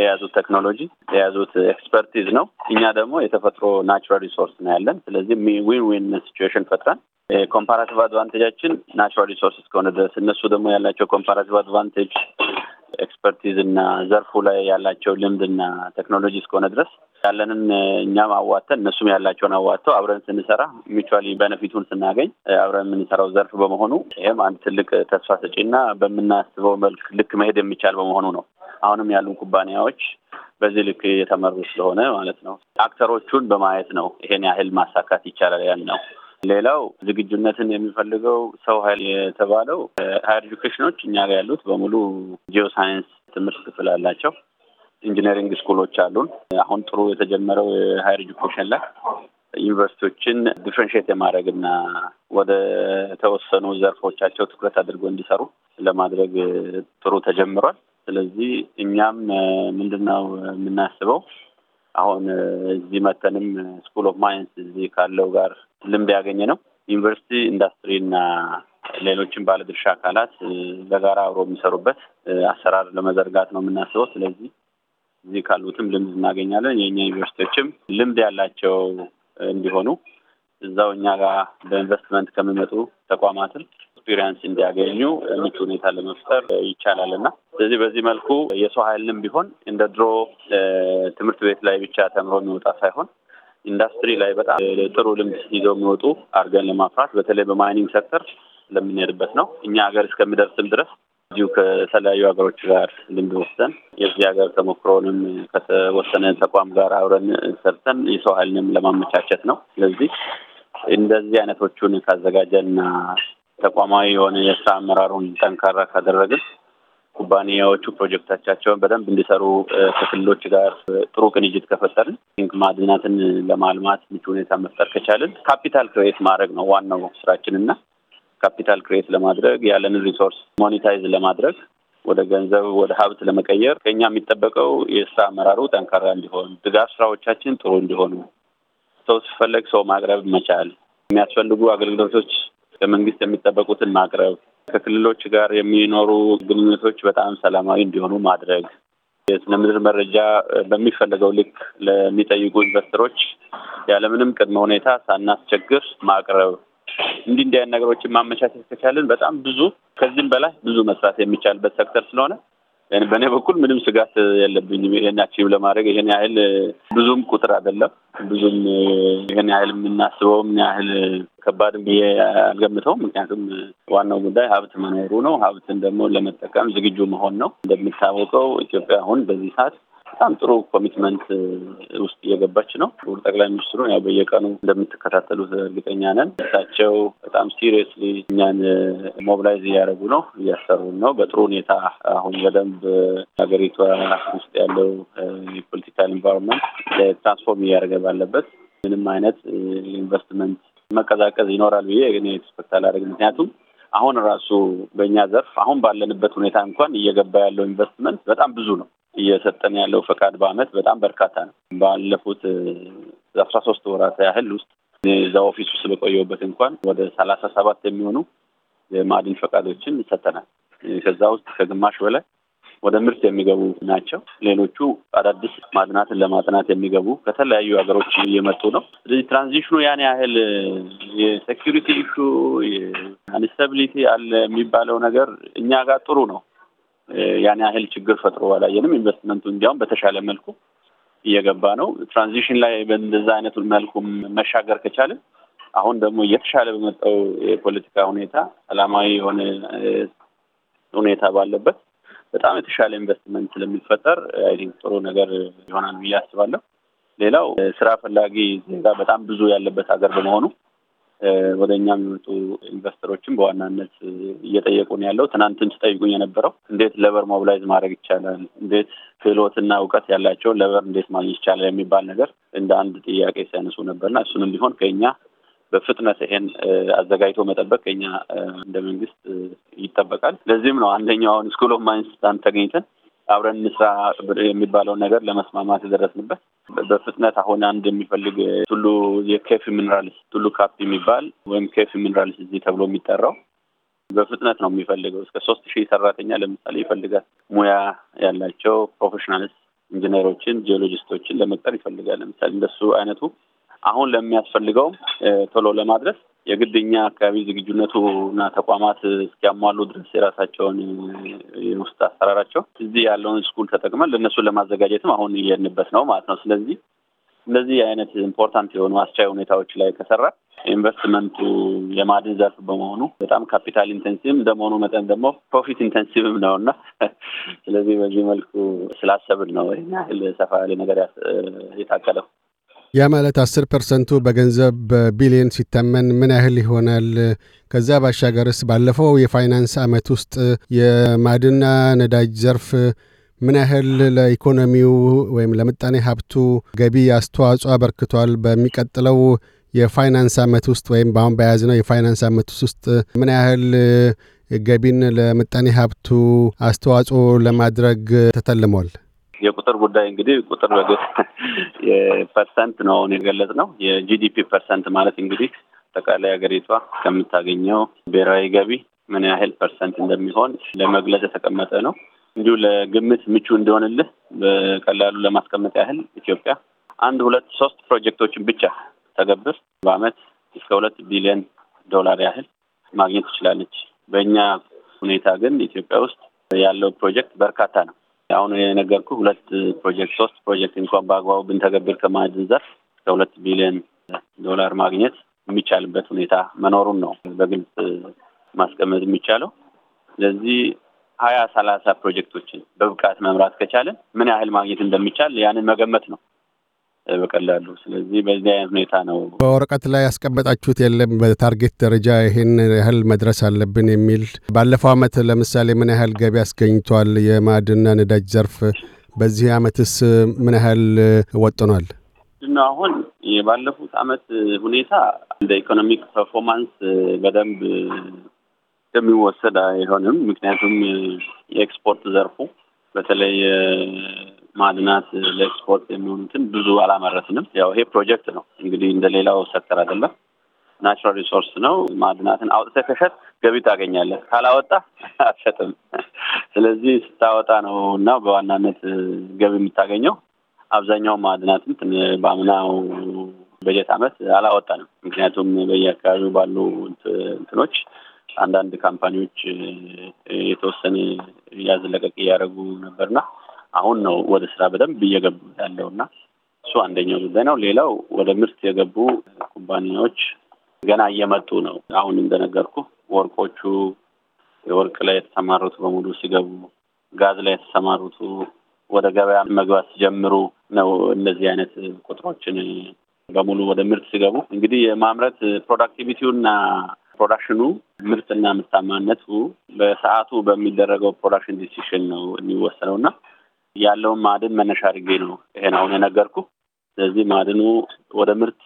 የያዙት ቴክኖሎጂ የያዙት ኤክስፐርቲዝ ነው። እኛ ደግሞ የተፈጥሮ ናቹራል ሪሶርስ ነው ያለን። ስለዚህ ዊን ዊን ሲቹዌሽን ፈጥረን ኮምፓራቲቭ አድቫንቴጃችን ናቹራል ሪሶርስ እስከሆነ ድረስ እነሱ ደግሞ ያላቸው ኮምፓራቲቭ አድቫንቴጅ ኤክስፐርቲዝ እና ዘርፉ ላይ ያላቸው ልምድ እና ቴክኖሎጂ እስከሆነ ድረስ ያለንን እኛም አዋተን እነሱም ያላቸውን አዋተው አብረን ስንሰራ ሚቹዋሊ በነፊቱን ስናገኝ አብረን የምንሰራው ዘርፍ በመሆኑ ይህም አንድ ትልቅ ተስፋ ሰጪ በምናስበው መልክ ልክ መሄድ የሚቻል በመሆኑ ነው። አሁንም ያሉን ኩባንያዎች በዚህ ልክ የተመሩ ስለሆነ ማለት ነው አክተሮቹን በማየት ነው ይሄን ያህል ማሳካት ይቻላል ነው። ሌላው ዝግጁነትን የሚፈልገው ሰው ኃይል የተባለው ሀይር ኤዱኬሽኖች እኛ ጋር ያሉት በሙሉ ጂኦ ሳይንስ ትምህርት ክፍል አላቸው። ኢንጂነሪንግ ስኩሎች አሉን። አሁን ጥሩ የተጀመረው የሀይር ኤዱኬሽን ላይ ዩኒቨርሲቲዎችን ዲፍረንሽት የማድረግና ወደ ተወሰኑ ዘርፎቻቸው ትኩረት አድርጎ እንዲሰሩ ለማድረግ ጥሩ ተጀምሯል። ስለዚህ እኛም ምንድን ነው የምናስበው አሁን እዚህ መተንም ስኩል ኦፍ ማይንስ እዚህ ካለው ጋር ልምድ ያገኘ ነው። ዩኒቨርሲቲ ኢንዱስትሪና ሌሎችን ባለድርሻ አካላት በጋራ አብሮ የሚሰሩበት አሰራር ለመዘርጋት ነው የምናስበው። ስለዚህ እዚህ ካሉትም ልምድ እናገኛለን። የእኛ ዩኒቨርሲቲዎችም ልምድ ያላቸው እንዲሆኑ እዛው እኛ ጋር በኢንቨስትመንት ከሚመጡ ተቋማትን ኤክስፒሪንስ እንዲያገኙ ምቹ ሁኔታ ለመፍጠር ይቻላል እና ስለዚህ በዚህ መልኩ የሰው ኃይልንም ቢሆን እንደ ድሮ ትምህርት ቤት ላይ ብቻ ተምሮ የሚወጣ ሳይሆን ኢንዱስትሪ ላይ በጣም ጥሩ ልምድ ይዘው የሚወጡ አድርገን ለማፍራት በተለይ በማይኒንግ ሴክተር ለምንሄድበት ነው። እኛ ሀገር እስከሚደርስም ድረስ እዚሁ ከተለያዩ ሀገሮች ጋር ልምድ ወስደን የዚህ ሀገር ተሞክሮንም ከተወሰነ ተቋም ጋር አብረን ሰርተን የሰው ኃይልንም ለማመቻቸት ነው። ስለዚህ እንደዚህ አይነቶቹን ካዘጋጀና ተቋማዊ የሆነ የስራ አመራሩን ጠንካራ ካደረግን ኩባንያዎቹ ፕሮጀክታቻቸውን በደንብ እንዲሰሩ ከክልሎች ጋር ጥሩ ቅንጅት ከፈጠርን ንክ ማዕድናትን ለማልማት ምቹ ሁኔታ መፍጠር ከቻልን ካፒታል ክሬት ማድረግ ነው ዋናው ስራችን እና ካፒታል ክሬት ለማድረግ ያለንን ሪሶርስ ሞኔታይዝ ለማድረግ ወደ ገንዘብ ወደ ሀብት ለመቀየር ከኛ የሚጠበቀው የስራ አመራሩ ጠንካራ እንዲሆን፣ ድጋፍ ስራዎቻችን ጥሩ እንዲሆኑ፣ ሰው ሲፈለግ ሰው ማቅረብ መቻል፣ የሚያስፈልጉ አገልግሎቶች ከመንግስት የሚጠበቁትን ማቅረብ፣ ከክልሎች ጋር የሚኖሩ ግንኙነቶች በጣም ሰላማዊ እንዲሆኑ ማድረግ፣ የስነ ምድር መረጃ በሚፈለገው ልክ ለሚጠይቁ ኢንቨስተሮች ያለምንም ቅድመ ሁኔታ ሳናስቸግር ማቅረብ እንዲህ እንዲያን ነገሮችን ማመቻቸት ከቻልን በጣም ብዙ ከዚህም በላይ ብዙ መስራት የሚቻልበት ሰክተር ስለሆነ በእኔ በኩል ምንም ስጋት የለብኝም። ይሄን አቺቭ ለማድረግ ይሄን ያህል ብዙም ቁጥር አይደለም፣ ብዙም ይሄን ያህል የምናስበው ምን ያህል ከባድ ብዬ አልገምተው። ምክንያቱም ዋናው ጉዳይ ሀብት መኖሩ ነው። ሀብትን ደግሞ ለመጠቀም ዝግጁ መሆን ነው። እንደሚታወቀው ኢትዮጵያ አሁን በዚህ ሰዓት በጣም ጥሩ ኮሚትመንት uh, ውስጥ እየገባች ነው። ክቡር ጠቅላይ ሚኒስትሩ ያው በየቀኑ እንደምትከታተሉት እርግጠኛ ነን። እሳቸው በጣም ሲሪየስሊ እኛን ሞብላይዝ uh, እያደረጉ ነው፣ እያሰሩን ነው በጥሩ ሁኔታ። አሁን በደንብ ሀገሪቷ ውስጥ ያለው uh, የፖለቲካል ኢንቫይሮንመንት ትራንስፎርም እያደረገ ባለበት ምንም አይነት ኢንቨስትመንት መቀዛቀዝ ይኖራል ብዬ እኔ ኤክስፐክት አላደርግም። ምክንያቱም አሁን ራሱ በእኛ ዘርፍ አሁን ባለንበት ሁኔታ እንኳን እየገባ ያለው ኢንቨስትመንት በጣም ብዙ ነው። እየሰጠን ያለው ፈቃድ በአመት በጣም በርካታ ነው። ባለፉት አስራ ሶስት ወራት ያህል ውስጥ እዛ ኦፊስ ውስጥ በቆየሁበት እንኳን ወደ ሰላሳ ሰባት የሚሆኑ የማዕድን ፈቃዶችን ይሰጠናል። ከዛ ውስጥ ከግማሽ በላይ ወደ ምርት የሚገቡ ናቸው። ሌሎቹ አዳዲስ ማዕድናትን ለማጥናት የሚገቡ ከተለያዩ ሀገሮች እየመጡ ነው። ስለዚህ ትራንዚሽኑ ያን ያህል የሴኪሪቲ ኢሹ የአንስታቢሊቲ አለ የሚባለው ነገር እኛ ጋር ጥሩ ነው። ያን ያህል ችግር ፈጥሮ አላየንም። ኢንቨስትመንቱ እንዲያውም በተሻለ መልኩ እየገባ ነው። ትራንዚሽን ላይ በእንደዛ አይነቱ መልኩ መሻገር ከቻልን አሁን ደግሞ እየተሻለ በመጣው የፖለቲካ ሁኔታ ሰላማዊ የሆነ ሁኔታ ባለበት በጣም የተሻለ ኢንቨስትመንት ስለሚፈጠር አይ ቲንክ ጥሩ ነገር ይሆናል ብዬ አስባለሁ። ሌላው ስራ ፈላጊ ዜጋ በጣም ብዙ ያለበት ሀገር በመሆኑ ወደ እኛ የሚመጡ ኢንቨስተሮችም በዋናነት እየጠየቁ ነው ያለው። ትናንትን ስጠይቁኝ የነበረው እንዴት ለበር ሞቢላይዝ ማድረግ ይቻላል፣ እንዴት ክህሎትና እውቀት ያላቸውን ለበር እንዴት ማግኘት ይቻላል የሚባል ነገር እንደ አንድ ጥያቄ ሲያነሱ ነበርና እሱንም ቢሆን ከኛ በፍጥነት ይሄን አዘጋጅቶ መጠበቅ ከኛ እንደ መንግስት ይጠበቃል። ለዚህም ነው አንደኛው አሁን ስኩል ኦፍ ማይንስ ተገኝተን አብረን እንስራ የሚባለውን ነገር ለመስማማት የደረስንበት በፍጥነት አሁን አንድ የሚፈልግ ቱሉ የኬፍ ሚኒራልስ ቱሉ ካፕ የሚባል ወይም ኬፍ ሚኒራልስ እዚህ ተብሎ የሚጠራው በፍጥነት ነው የሚፈልገው። እስከ ሶስት ሺህ ሰራተኛ ለምሳሌ ይፈልጋል። ሙያ ያላቸው ፕሮፌሽናልስ ኢንጂነሮችን፣ ጂኦሎጂስቶችን ለመቅጠር ይፈልጋል። ለምሳሌ እንደሱ አይነቱ አሁን ለሚያስፈልገውም ቶሎ ለማድረስ የግድኛ አካባቢ ዝግጁነቱ እና ተቋማት እስኪያሟሉ ድረስ የራሳቸውን የውስጥ አሰራራቸው እዚህ ያለውን ስኩል ተጠቅመን ለእነሱን ለማዘጋጀትም አሁን እየንበት ነው ማለት ነው። ስለዚህ እንደዚህ አይነት ኢምፖርታንት የሆኑ አስቻይ ሁኔታዎች ላይ ከሰራ ኢንቨስትመንቱ የማድን ዘርፍ በመሆኑ በጣም ካፒታል ኢንቴንሲቭ እንደመሆኑ መጠን ደግሞ ፕሮፊት ኢንቴንሲቭም ነው እና ስለዚህ በዚህ መልኩ ስላሰብን ነው ይህን ያህል ሰፋ ያለ ነገር የታቀደው። ያ ማለት አስር ፐርሰንቱ በገንዘብ በቢሊዮን ሲተመን ምን ያህል ይሆናል? ከዛ ባሻገርስ ባለፈው የፋይናንስ ዓመት ውስጥ የማድና ነዳጅ ዘርፍ ምን ያህል ለኢኮኖሚው ወይም ለምጣኔ ሀብቱ ገቢ አስተዋጽኦ አበርክቷል? በሚቀጥለው የፋይናንስ ዓመት ውስጥ ወይም በአሁን በያዝነው የፋይናንስ ዓመት ውስጥ ምን ያህል ገቢን ለምጣኔ ሀብቱ አስተዋጽኦ ለማድረግ ተተልሟል? የቁጥር ጉዳይ እንግዲህ ቁጥር ፐርሰንት ነው የገለጽ ነው። የጂዲፒ ፐርሰንት ማለት እንግዲህ አጠቃላይ ሀገሪቷ ከምታገኘው ብሔራዊ ገቢ ምን ያህል ፐርሰንት እንደሚሆን ለመግለጽ የተቀመጠ ነው። እንዲሁ ለግምት ምቹ እንደሆንልህ በቀላሉ ለማስቀመጥ ያህል ኢትዮጵያ አንድ ሁለት ሶስት ፕሮጀክቶችን ብቻ ተገብር በአመት እስከ ሁለት ቢሊዮን ዶላር ያህል ማግኘት ትችላለች። በእኛ ሁኔታ ግን ኢትዮጵያ ውስጥ ያለው ፕሮጀክት በርካታ ነው። አሁን የነገርኩ ሁለት ፕሮጀክት ሶስት ፕሮጀክት እንኳን በአግባቡ ብንተገብር ከማዕድን ዘርፍ ከሁለት ቢሊዮን ዶላር ማግኘት የሚቻልበት ሁኔታ መኖሩን ነው በግልጽ ማስቀመጥ የሚቻለው። ስለዚህ ሀያ ሰላሳ ፕሮጀክቶችን በብቃት መምራት ከቻለን ምን ያህል ማግኘት እንደሚቻል ያንን መገመት ነው። በቀላሉ ስለዚህ በዚህ አይነት ሁኔታ ነው። በወረቀት ላይ ያስቀመጣችሁት የለም በታርጌት ደረጃ ይህን ያህል መድረስ አለብን የሚል ባለፈው አመት ለምሳሌ ምን ያህል ገቢ አስገኝቷል የማዕድና ነዳጅ ዘርፍ በዚህ አመትስ ምን ያህል ወጥኗል? ድና አሁን የባለፉት አመት ሁኔታ እንደ ኢኮኖሚክ ፐርፎርማንስ በደንብ የሚወሰድ አይሆንም። ምክንያቱም የኤክስፖርት ዘርፉ በተለይ ማዕድናት ለኤክስፖርት የሚሆኑትን ብዙ አላመረትንም። ያው ይሄ ፕሮጀክት ነው እንግዲህ እንደሌላው ሰክተር አይደለም። ናቹራል ሪሶርስ ነው። ማድናትን አውጥተህ ከሸጥ ገቢ ታገኛለህ፣ ካላወጣ አትሸጥም። ስለዚህ ስታወጣ ነው እና በዋናነት ገቢ የምታገኘው። አብዛኛው ማዕድናትን በአምናው በጀት ዓመት አላወጣንም። ምክንያቱም በየአካባቢው ባሉ እንትኖች አንዳንድ ካምፓኒዎች የተወሰነ ያዝለቀቅ እያደረጉ ነበርና አሁን ነው ወደ ስራ በደንብ እየገቡ ያለው እና እሱ አንደኛው ጉዳይ ነው። ሌላው ወደ ምርት የገቡ ኩባንያዎች ገና እየመጡ ነው። አሁን እንደነገርኩ ወርቆቹ የወርቅ ላይ የተሰማሩት በሙሉ ሲገቡ፣ ጋዝ ላይ የተሰማሩቱ ወደ ገበያ መግባት ሲጀምሩ ነው እነዚህ አይነት ቁጥሮችን በሙሉ ወደ ምርት ሲገቡ እንግዲህ የማምረት ፕሮዳክቲቪቲው ና ፕሮዳክሽኑ ምርትና ምርታማነቱ በሰዓቱ በሚደረገው ፕሮዳክሽን ዲሲሽን ነው የሚወሰነው እና ያለውን ማዕድን መነሻ አድርጌ ነው ይሄን አሁን የነገርኩ። ስለዚህ ማዕድኑ ወደ ምርት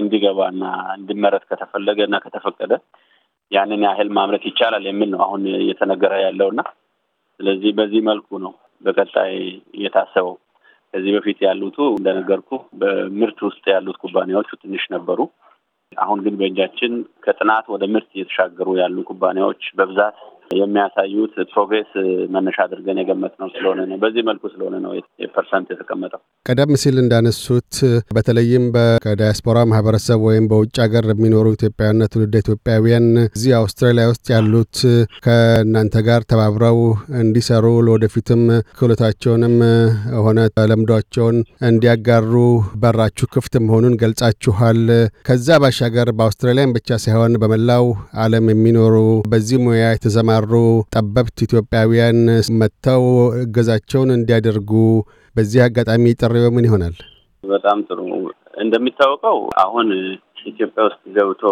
እንዲገባና እንዲመረት ከተፈለገ እና ከተፈቀደ ያንን ያህል ማምረት ይቻላል የሚል ነው አሁን እየተነገረ ያለውና ስለዚህ በዚህ መልኩ ነው በቀጣይ እየታሰበው። ከዚህ በፊት ያሉቱ እንደነገርኩ በምርት ውስጥ ያሉት ኩባንያዎቹ ትንሽ ነበሩ። አሁን ግን በእጃችን ከጥናት ወደ ምርት እየተሻገሩ ያሉ ኩባንያዎች በብዛት የሚያሳዩት ፕሮግሬስ መነሻ አድርገን የገመት ነው ስለሆነ ነው። በዚህ መልኩ ስለሆነ ነው የፐርሰንት የተቀመጠው። ቀደም ሲል እንዳነሱት በተለይም ከዳያስፖራ ማህበረሰብ ወይም በውጭ ሀገር የሚኖሩ ኢትዮጵያውያንና ትውልደ ኢትዮጵያውያን እዚህ አውስትራሊያ ውስጥ ያሉት ከእናንተ ጋር ተባብረው እንዲሰሩ ለወደፊትም ክህሎታቸውንም ሆነ ተለምዷቸውን እንዲያጋሩ በራችሁ ክፍት መሆኑን ገልጻችኋል። ከዛ ባሻገር በአውስትራሊያን ብቻ ሳይሆን በመላው ዓለም የሚኖሩ በዚህ ሙያ የተሰማሩ ጠበብት ኢትዮጵያውያን መጥተው እገዛቸውን እንዲያደርጉ በዚህ አጋጣሚ ጥሪው ምን ይሆናል? በጣም ጥሩ። እንደሚታወቀው አሁን ኢትዮጵያ ውስጥ ገብቶ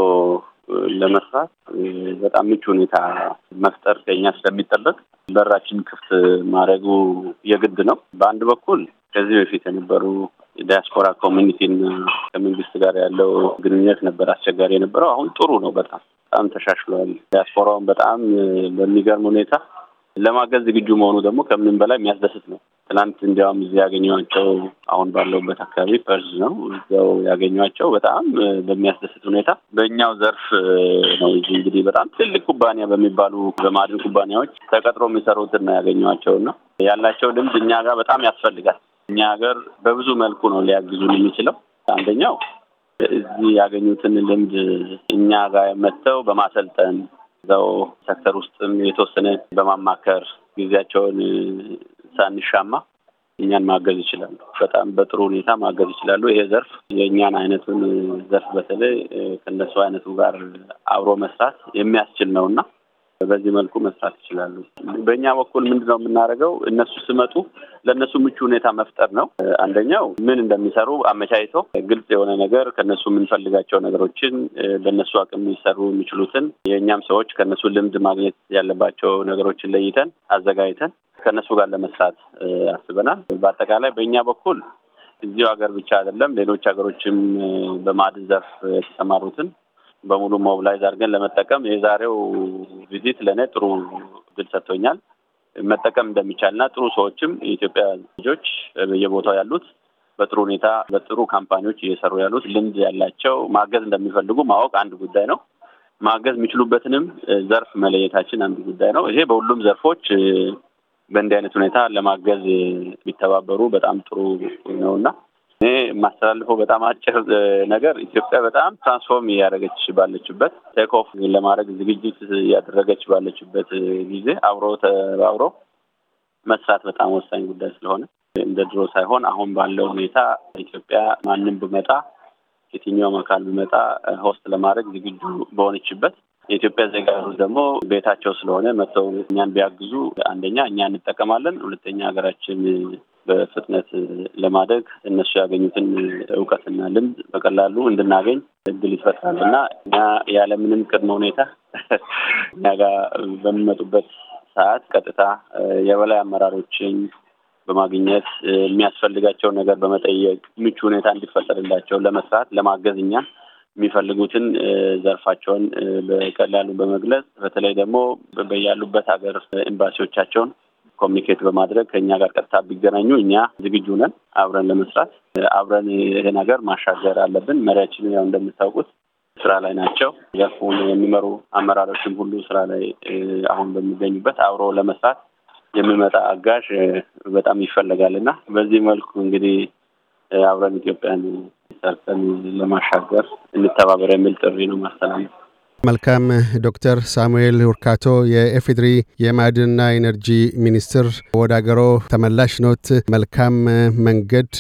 ለመስራት በጣም ምቹ ሁኔታ መፍጠር ከኛ ስለሚጠበቅ በራችን ክፍት ማድረጉ የግድ ነው። በአንድ በኩል ከዚህ በፊት የነበሩ ዲያስፖራ ኮሚኒቲና ከመንግስት ጋር ያለው ግንኙነት ነበር አስቸጋሪ የነበረው። አሁን ጥሩ ነው። በጣም በጣም ተሻሽሏል። ዲያስፖራውን በጣም በሚገርም ሁኔታ ለማገዝ ዝግጁ መሆኑ ደግሞ ከምንም በላይ የሚያስደስት ነው። ትናንት እንዲያውም እዚህ ያገኘኋቸው አሁን ባለውበት አካባቢ ፐርዝ ነው እዚያው ያገኘኋቸው በጣም በሚያስደስት ሁኔታ በእኛው ዘርፍ ነው። እዚህ እንግዲህ በጣም ትልቅ ኩባንያ በሚባሉ በማድን ኩባንያዎች ተቀጥሮ የሚሰሩትን ነው ያገኘኋቸው እና ያላቸው ልምድ እኛ ጋር በጣም ያስፈልጋል። እኛ ሀገር በብዙ መልኩ ነው ሊያግዙን የሚችለው። አንደኛው እዚህ ያገኙትን ልምድ እኛ ጋር መጥተው በማሰልጠን እዛው ሰክተር ውስጥም የተወሰነ በማማከር ጊዜያቸውን ሳንሻማ እኛን ማገዝ ይችላሉ። በጣም በጥሩ ሁኔታ ማገዝ ይችላሉ። ይሄ ዘርፍ የእኛን አይነቱን ዘርፍ በተለይ ከነሱ አይነቱ ጋር አብሮ መስራት የሚያስችል ነው እና በዚህ መልኩ መስራት ይችላሉ። በእኛ በኩል ምንድን ነው የምናደርገው? እነሱ ሲመጡ ለእነሱ ምቹ ሁኔታ መፍጠር ነው። አንደኛው ምን እንደሚሰሩ አመቻይቶ ግልጽ የሆነ ነገር ከእነሱ የምንፈልጋቸው ነገሮችን ለእነሱ አቅም ሊሰሩ የሚችሉትን የእኛም ሰዎች ከእነሱ ልምድ ማግኘት ያለባቸው ነገሮችን ለይተን አዘጋጅተን ከእነሱ ጋር ለመስራት አስበናል። በአጠቃላይ በእኛ በኩል እዚሁ ሀገር ብቻ አይደለም ሌሎች ሀገሮችም በማዕድን ዘርፍ የተሰማሩትን በሙሉ ሞብላይዝ አድርገን ለመጠቀም የዛሬው ቪዚት ለእኔ ጥሩ ድል ሰጥቶኛል መጠቀም እንደሚቻልና ጥሩ ሰዎችም የኢትዮጵያ ልጆች በየቦታው ያሉት በጥሩ ሁኔታ በጥሩ ካምፓኒዎች እየሰሩ ያሉት ልምድ ያላቸው ማገዝ እንደሚፈልጉ ማወቅ አንድ ጉዳይ ነው። ማገዝ የሚችሉበትንም ዘርፍ መለየታችን አንድ ጉዳይ ነው። ይሄ በሁሉም ዘርፎች በእንዲህ አይነት ሁኔታ ለማገዝ ቢተባበሩ በጣም ጥሩ ነውና እኔ የማስተላልፈው በጣም አጭር ነገር ኢትዮጵያ በጣም ትራንስፎርም እያደረገች ባለችበት ቴክ ኦፍ ለማድረግ ዝግጅት እያደረገች ባለችበት ጊዜ አብሮ ተባብሮ መስራት በጣም ወሳኝ ጉዳይ ስለሆነ እንደ ድሮ ሳይሆን አሁን ባለው ሁኔታ ኢትዮጵያ ማንም ብመጣ የትኛውም አካል ብመጣ ሆስት ለማድረግ ዝግጁ በሆነችበት የኢትዮጵያ ዜጋ ደግሞ ቤታቸው ስለሆነ መጥተው እኛን ቢያግዙ አንደኛ እኛ እንጠቀማለን፣ ሁለተኛ ሀገራችን በፍጥነት ለማደግ እነሱ ያገኙትን እውቀትና ልምድ በቀላሉ እንድናገኝ እድል ይፈጥራል እና እኛ ያለምንም ቅድመ ሁኔታ እኛ ጋር በሚመጡበት ሰዓት ቀጥታ የበላይ አመራሮችን በማግኘት የሚያስፈልጋቸውን ነገር በመጠየቅ ምቹ ሁኔታ እንዲፈጠርላቸው ለመስራት ለማገዝ እኛ የሚፈልጉትን ዘርፋቸውን በቀላሉ በመግለጽ በተለይ ደግሞ በያሉበት ሀገር ኤምባሲዎቻቸውን ኮሚኒኬት በማድረግ ከእኛ ጋር ቀጥታ ቢገናኙ እኛ ዝግጁ ነን አብረን ለመስራት። አብረን ይህን ነገር ማሻገር አለብን። መሪያችንን ያው እንደምታውቁት ስራ ላይ ናቸው። ዘርፉን የሚመሩ አመራሮችም ሁሉ ስራ ላይ አሁን በሚገኙበት አብሮ ለመስራት የሚመጣ አጋዥ በጣም ይፈለጋል እና በዚህ መልኩ እንግዲህ አብረን ኢትዮጵያን ሰርተን ለማሻገር እንተባበር የሚል ጥሪ ነው ማስተላለፍ መልካም ዶክተር ሳሙኤል ውርካቶ የኤፌድሪ የማዕድንና ኢነርጂ ሚኒስትር ወደ አገሮ ተመላሽ ኖት። መልካም መንገድ።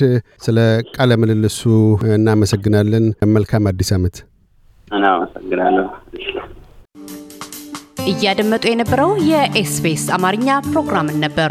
ስለ ቃለ ምልልሱ እናመሰግናለን። መልካም አዲስ ዓመት። እናመሰግናለሁ። እያደመጡ የነበረው የኤስፔስ አማርኛ ፕሮግራምን ነበር።